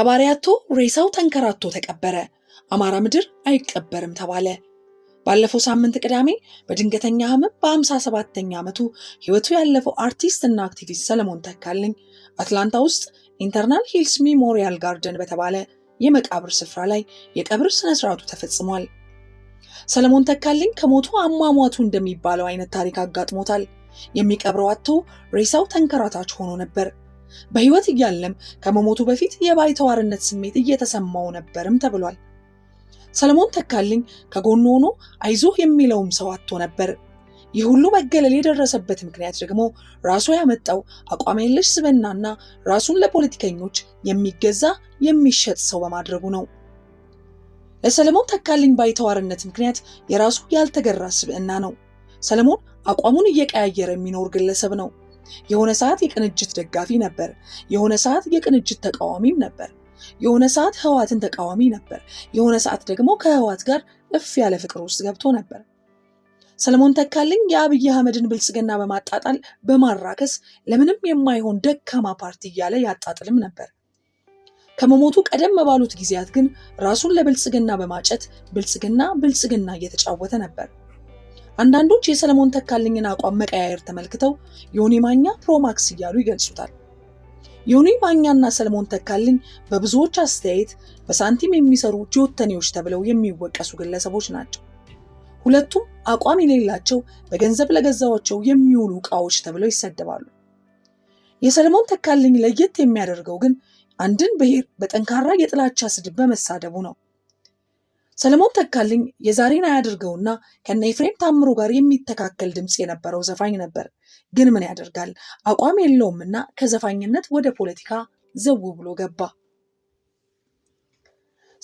ቀባሪ አጥቶ ሬሳው ተንከራቶ ተቀበረ። አማራ ምድር አይቀበርም ተባለ። ባለፈው ሳምንት ቅዳሜ በድንገተኛ ህመም በአምሳ ሰባተኛ ዓመቱ ህይወቱ ያለፈው አርቲስት እና አክቲቪስት ሰለሞን ተካልኝ አትላንታ ውስጥ ኢንተርናል ሂልስ ሚሞሪያል ጋርደን በተባለ የመቃብር ስፍራ ላይ የቀብር ስነስርዓቱ ተፈጽሟል። ሰለሞን ተካልኝ ከሞቱ አሟሟቱ እንደሚባለው አይነት ታሪክ አጋጥሞታል። የሚቀብረው አጥቶ ሬሳው ተንከራታች ሆኖ ነበር። በህይወት እያለም ከመሞቱ በፊት የባይተዋርነት ስሜት እየተሰማው ነበርም ተብሏል። ሰለሞን ተካልኝ ከጎኑ ሆኖ አይዞህ የሚለውም ሰው አጥቶ ነበር። ይህ ሁሉ መገለል የደረሰበት ምክንያት ደግሞ ራሱ ያመጣው አቋም የለሽ ስብዕናና ራሱን ለፖለቲከኞች የሚገዛ የሚሸጥ ሰው በማድረጉ ነው። ለሰለሞን ተካልኝ ባይተዋርነት ምክንያት የራሱ ያልተገራ ስብዕና ነው። ሰለሞን አቋሙን እየቀያየረ የሚኖር ግለሰብ ነው። የሆነ ሰዓት የቅንጅት ደጋፊ ነበር። የሆነ ሰዓት የቅንጅት ተቃዋሚም ነበር። የሆነ ሰዓት ህዋትን ተቃዋሚ ነበር። የሆነ ሰዓት ደግሞ ከህዋት ጋር እፍ ያለ ፍቅር ውስጥ ገብቶ ነበር። ሰለሞን ተካልኝ የአብይ አህመድን ብልጽግና በማጣጣል በማራከስ ለምንም የማይሆን ደካማ ፓርቲ እያለ ያጣጥልም ነበር። ከመሞቱ ቀደም ባሉት ጊዜያት ግን ራሱን ለብልጽግና በማጨት ብልጽግና ብልጽግና እየተጫወተ ነበር። አንዳንዶች የሰለሞን ተካልኝን አቋም መቀያየር ተመልክተው ዮኒ ማኛ ፕሮማክስ እያሉ ይገልጹታል። ዮኒ ማኛና ሰለሞን ተካልኝ በብዙዎች አስተያየት በሳንቲም የሚሰሩ ጆተኔዎች ተብለው የሚወቀሱ ግለሰቦች ናቸው። ሁለቱም አቋም የሌላቸው በገንዘብ ለገዛዋቸው የሚውሉ ዕቃዎች ተብለው ይሰደባሉ። የሰለሞን ተካልኝ ለየት የሚያደርገው ግን አንድን ብሔር በጠንካራ የጥላቻ ስድብ በመሳደቡ ነው። ሰለሞን ተካልኝ የዛሬን አያድርገውና ከነ ኤፍሬም ታምሮ ጋር የሚተካከል ድምፅ የነበረው ዘፋኝ ነበር። ግን ምን ያደርጋል አቋም የለውምና ከዘፋኝነት ወደ ፖለቲካ ዘው ብሎ ገባ።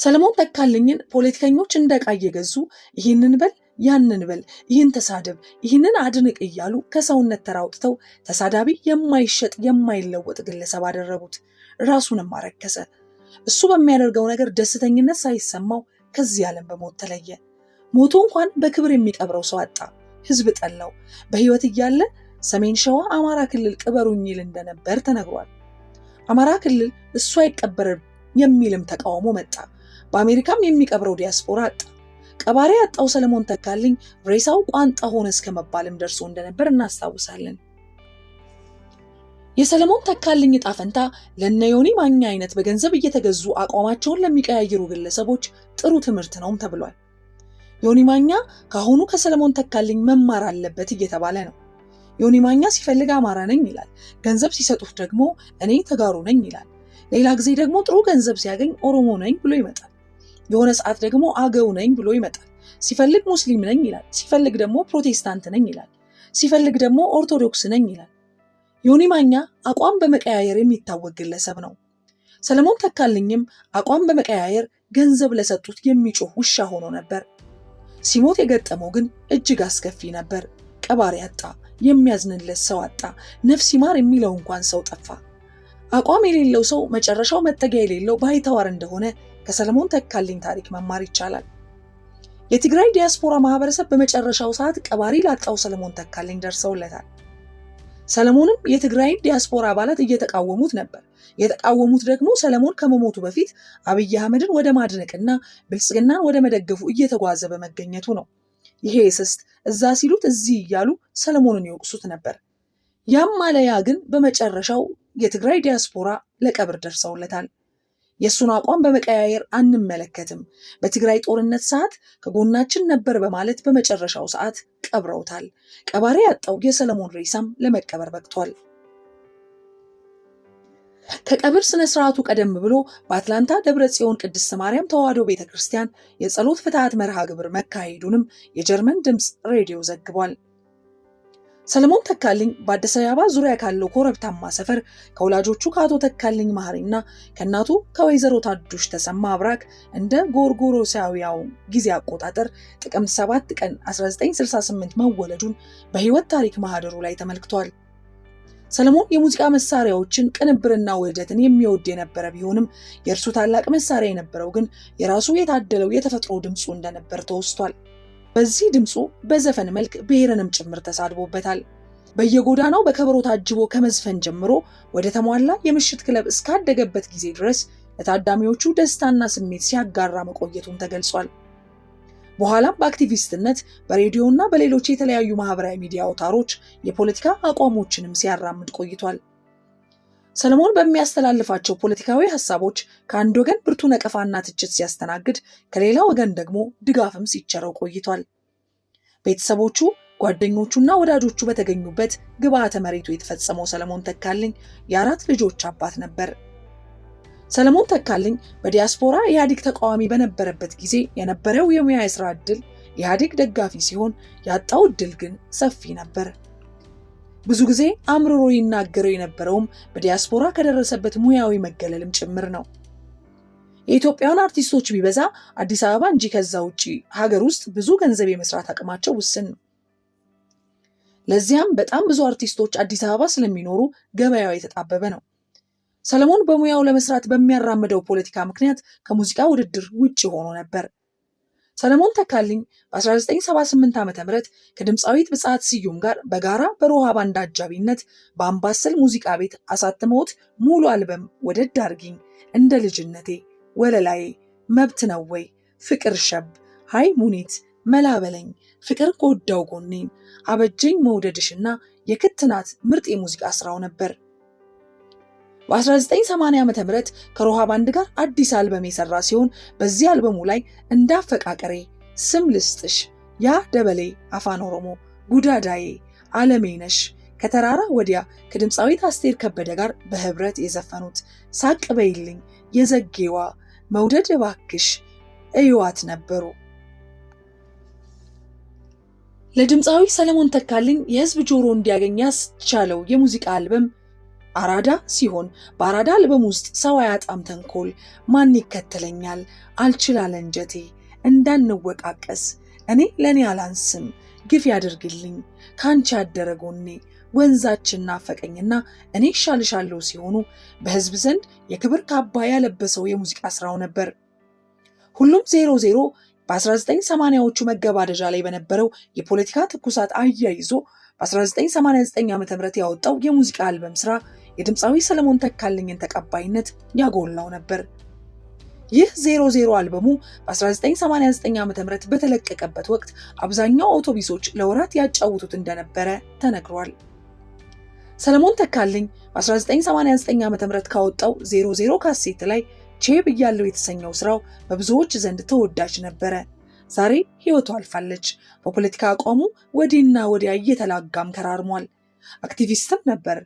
ሰለሞን ተካልኝን ፖለቲከኞች እንደ ዕቃ እየገዙ ይህንን በል ያንን በል፣ ይህን ተሳደብ፣ ይህንን አድንቅ እያሉ ከሰውነት ተራውጥተው ተሳዳቢ፣ የማይሸጥ የማይለወጥ ግለሰብ አደረጉት። ራሱንም አረከሰ። እሱ በሚያደርገው ነገር ደስተኝነት ሳይሰማው ከዚህ ዓለም በሞት ተለየ። ሞቶ እንኳን በክብር የሚቀብረው ሰው አጣ። ህዝብ ጠላው። በህይወት እያለ ሰሜን ሸዋ አማራ ክልል ቅበሩኝ ይል እንደነበር ተነግሯል። አማራ ክልል እሱ አይቀበርም የሚልም ተቃውሞ መጣ። በአሜሪካም የሚቀብረው ዲያስፖራ አጣ። ቀባሪ ያጣው ሰለሞን ተካልኝ ሬሳው ቋንጣ ሆነ እስከ መባልም ደርሶ እንደነበር እናስታውሳለን። የሰለሞን ተካልኝ ጣፈንታ ለነ ዮኒ ማኛ አይነት በገንዘብ እየተገዙ አቋማቸውን ለሚቀያየሩ ግለሰቦች ጥሩ ትምህርት ነውም ተብሏል። ዮኒ ማኛ ከአሁኑ ከሰለሞን ተካልኝ መማር አለበት እየተባለ ነው። ዮኒ ማኛ ሲፈልግ አማራ ነኝ ይላል። ገንዘብ ሲሰጡት ደግሞ እኔ ተጋሩ ነኝ ይላል። ሌላ ጊዜ ደግሞ ጥሩ ገንዘብ ሲያገኝ ኦሮሞ ነኝ ብሎ ይመጣል። የሆነ ሰዓት ደግሞ አገው ነኝ ብሎ ይመጣል። ሲፈልግ ሙስሊም ነኝ ይላል። ሲፈልግ ደግሞ ፕሮቴስታንት ነኝ ይላል። ሲፈልግ ደግሞ ኦርቶዶክስ ነኝ ይላል። ዮኒ ማኛ አቋም በመቀያየር የሚታወቅ ግለሰብ ነው። ሰለሞን ተካልኝም አቋም በመቀያየር ገንዘብ ለሰጡት የሚጮህ ውሻ ሆኖ ነበር። ሲሞት የገጠመው ግን እጅግ አስከፊ ነበር። ቀባሪ አጣ፣ የሚያዝንለት ሰው አጣ፣ ነፍስ ይማር የሚለው እንኳን ሰው ጠፋ። አቋም የሌለው ሰው መጨረሻው መጠጊያ የሌለው ባይተዋር እንደሆነ ከሰለሞን ተካልኝ ታሪክ መማር ይቻላል። የትግራይ ዲያስፖራ ማህበረሰብ በመጨረሻው ሰዓት ቀባሪ ላጣው ሰለሞን ተካልኝ ደርሰውለታል። ሰለሞንም የትግራይን ዲያስፖራ አባላት እየተቃወሙት ነበር። የተቃወሙት ደግሞ ሰለሞን ከመሞቱ በፊት አብይ አህመድን ወደ ማድነቅና ብልጽግናን ወደ መደገፉ እየተጓዘ በመገኘቱ ነው። ይሄ ስስት እዛ ሲሉት እዚህ እያሉ ሰለሞንን ይወቅሱት ነበር። ያም ማለያ ግን በመጨረሻው የትግራይ ዲያስፖራ ለቀብር ደርሰውለታል። የእሱን አቋም በመቀያየር አንመለከትም፣ በትግራይ ጦርነት ሰዓት ከጎናችን ነበር በማለት በመጨረሻው ሰዓት ቀብረውታል። ቀባሪ ያጣው የሰለሞን ሬሳም ለመቀበር በቅቷል። ከቀብር ስነ ስርዓቱ ቀደም ብሎ በአትላንታ ደብረ ጽዮን ቅድስት ማርያም ተዋሕዶ ቤተ ክርስቲያን የጸሎት ፍትሐት መርሃ ግብር መካሄዱንም የጀርመን ድምፅ ሬዲዮ ዘግቧል። ሰለሞን ተካልኝ በአዲስ አበባ ዙሪያ ካለው ኮረብታማ ሰፈር ከወላጆቹ ከአቶ ተካልኝ ማህሪና ከእናቱ ከወይዘሮ ታዱሽ ተሰማ አብራክ እንደ ጎርጎሮሳውያው ጊዜ አቆጣጠር ጥቅምት 7 ቀን 1968 መወለዱን በሕይወት ታሪክ ማህደሩ ላይ ተመልክቷል። ሰለሞን የሙዚቃ መሳሪያዎችን ቅንብርና ውህደትን የሚወድ የነበረ ቢሆንም የእርሱ ታላቅ መሳሪያ የነበረው ግን የራሱ የታደለው የተፈጥሮ ድምፁ እንደነበር ተወስቷል። በዚህ ድምፁ በዘፈን መልክ ብሔርንም ጭምር ተሳድቦበታል። በየጎዳናው በከበሮ ታጅቦ ከመዝፈን ጀምሮ ወደ ተሟላ የምሽት ክለብ እስካደገበት ጊዜ ድረስ ለታዳሚዎቹ ደስታና ስሜት ሲያጋራ መቆየቱን ተገልጿል። በኋላም በአክቲቪስትነት በሬዲዮና በሌሎች የተለያዩ ማህበራዊ ሚዲያ አውታሮች የፖለቲካ አቋሞችንም ሲያራምድ ቆይቷል። ሰለሞን በሚያስተላልፋቸው ፖለቲካዊ ሀሳቦች ከአንድ ወገን ብርቱ ነቀፋና ትችት ሲያስተናግድ፣ ከሌላ ወገን ደግሞ ድጋፍም ሲቸረው ቆይቷል። ቤተሰቦቹ ጓደኞቹና ወዳጆቹ በተገኙበት ግብዓተ መሬቱ የተፈጸመው ሰለሞን ተካልኝ የአራት ልጆች አባት ነበር። ሰለሞን ተካልኝ በዲያስፖራ ኢህአዴግ ተቃዋሚ በነበረበት ጊዜ የነበረው የሙያ የስራ ዕድል ኢህአዴግ ደጋፊ ሲሆን ያጣው ዕድል ግን ሰፊ ነበር። ብዙ ጊዜ አምርሮ ይናገረው የነበረውም በዲያስፖራ ከደረሰበት ሙያዊ መገለልም ጭምር ነው። የኢትዮጵያውን አርቲስቶች ቢበዛ አዲስ አበባ እንጂ ከዛ ውጭ ሀገር ውስጥ ብዙ ገንዘብ የመስራት አቅማቸው ውስን ነው። ለዚያም በጣም ብዙ አርቲስቶች አዲስ አበባ ስለሚኖሩ ገበያው የተጣበበ ነው። ሰለሞን በሙያው ለመስራት በሚያራምደው ፖለቲካ ምክንያት ከሙዚቃ ውድድር ውጭ ሆኖ ነበር። ሰለሞን ተካልኝ በ1978 ዓ ም ከድምፃዊት ብፅዓት ስዩም ጋር በጋራ በሮሃ ባንድ አጃቢነት በአምባሰል ሙዚቃ ቤት አሳትመውት ሙሉ አልበም ወደድ አርጊኝ፣ እንደ ልጅነቴ፣ ወለላዬ፣ መብት ነው ወይ፣ ፍቅር ሸብ፣ ሀይ ሙኒት፣ መላበለኝ፣ ፍቅር ጎዳው ጎኔን፣ አበጀኝ፣ መውደድሽና የክትናት ምርጥ የሙዚቃ ስራው ነበር። በ1980 ዓ ም ከሮሃ ባንድ ጋር አዲስ አልበም የሰራ ሲሆን በዚህ አልበሙ ላይ እንዳፈቃቀሬ፣ ስም ልስጥሽ፣ ያ ደበሌ፣ አፋን ኦሮሞ፣ ጉዳዳዬ፣ አለሜነሽ ከተራራ ወዲያ ከድምፃዊት አስቴር ከበደ ጋር በህብረት የዘፈኑት ሳቅ በይልኝ፣ የዘጌዋ፣ መውደድ እባክሽ፣ እዩዋት ነበሩ። ለድምፃዊ ሰለሞን ተካልኝ የህዝብ ጆሮ እንዲያገኝ ያስቻለው የሙዚቃ አልበም አራዳ ሲሆን በአራዳ አልበም ውስጥ ሰው አያጣም ተንኮል፣ ማን ይከተለኛል አልችላለ እንጀቴ፣ እንዳንወቃቀስ እኔ ለእኔ አላንስም ግፍ ያደርግልኝ ከአንቺ ያደረ ጎኔ፣ ወንዛችን ናፈቀኝና እኔ ይሻልሻለሁ ሲሆኑ በህዝብ ዘንድ የክብር ካባ ያለበሰው የሙዚቃ ስራው ነበር። ሁሉም ዜሮ ዜሮ በ1980ዎቹ መገባደጃ ላይ በነበረው የፖለቲካ ትኩሳት አያይዞ በ1989 ዓ ም ያወጣው የሙዚቃ አልበም ስራ የድምፃዊ ሰለሞን ተካልኝን ተቀባይነት ያጎላው ነበር። ይህ 00 አልበሙ በ1989 ዓ ም በተለቀቀበት ወቅት አብዛኛው አውቶቡሶች ለወራት ያጫውቱት እንደነበረ ተነግሯል። ሰለሞን ተካልኝ በ1989 ዓ ም ካወጣው 00 ካሴት ላይ ቼብ እያለው የተሰኘው ስራው በብዙዎች ዘንድ ተወዳጅ ነበረ። ዛሬ ህይወቱ አልፋለች። በፖለቲካ አቋሙ ወዲህና ወዲያ እየተላጋም ከራርሟል። አክቲቪስትም ነበር።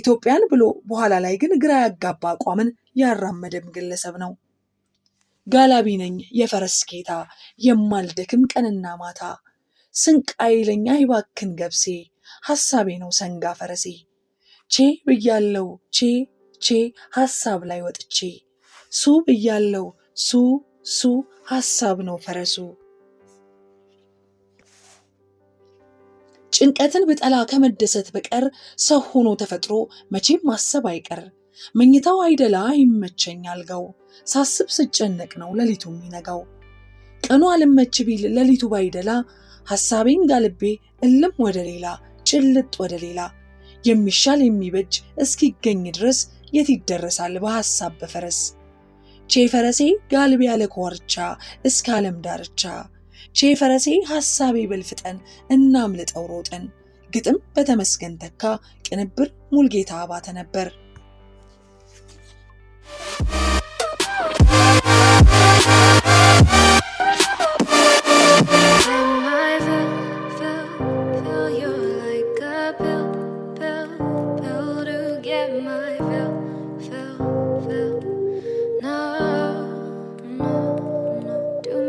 ኢትዮጵያን ብሎ በኋላ ላይ ግን ግራ ያጋባ አቋምን ያራመደም ግለሰብ ነው። ጋላቢ ነኝ የፈረስ ጌታ፣ የማልደክም ቀንና ማታ፣ ስንቅ ይባክን ገብሴ፣ ሐሳቤ ነው ሰንጋ ፈረሴ። ቼ ብያለው ቼ ቼ ሐሳብ ላይ ወጥቼ፣ ሱ ብያለው ሱ ሱ ሐሳብ ነው ፈረሱ ጭንቀትን ብጠላ ከመደሰት በቀር ሰው ሆኖ ተፈጥሮ መቼም ማሰብ አይቀር። መኝታው አይደላ ይመቸኝ አልጋው፣ ሳስብ ስጨነቅ ነው ሌሊቱ የሚነጋው። ቀኑ አልመች ቢል ሌሊቱ ባይደላ፣ ሐሳቤን ጋልቤ እልም ወደ ሌላ ጭልጥ ወደ ሌላ። የሚሻል የሚበጅ እስኪገኝ ድረስ የት ይደረሳል በሐሳብ በፈረስ። ቼ ፈረሴ ጋልቤ ያለ ኮርቻ እስከ ዓለም ዳርቻ ፈረሴ ሐሳቤ በልፍጠን እናምልጠው ሮጠን። ግጥም በተመስገን ተካ፣ ቅንብር ሙልጌታ አባተ ነበር።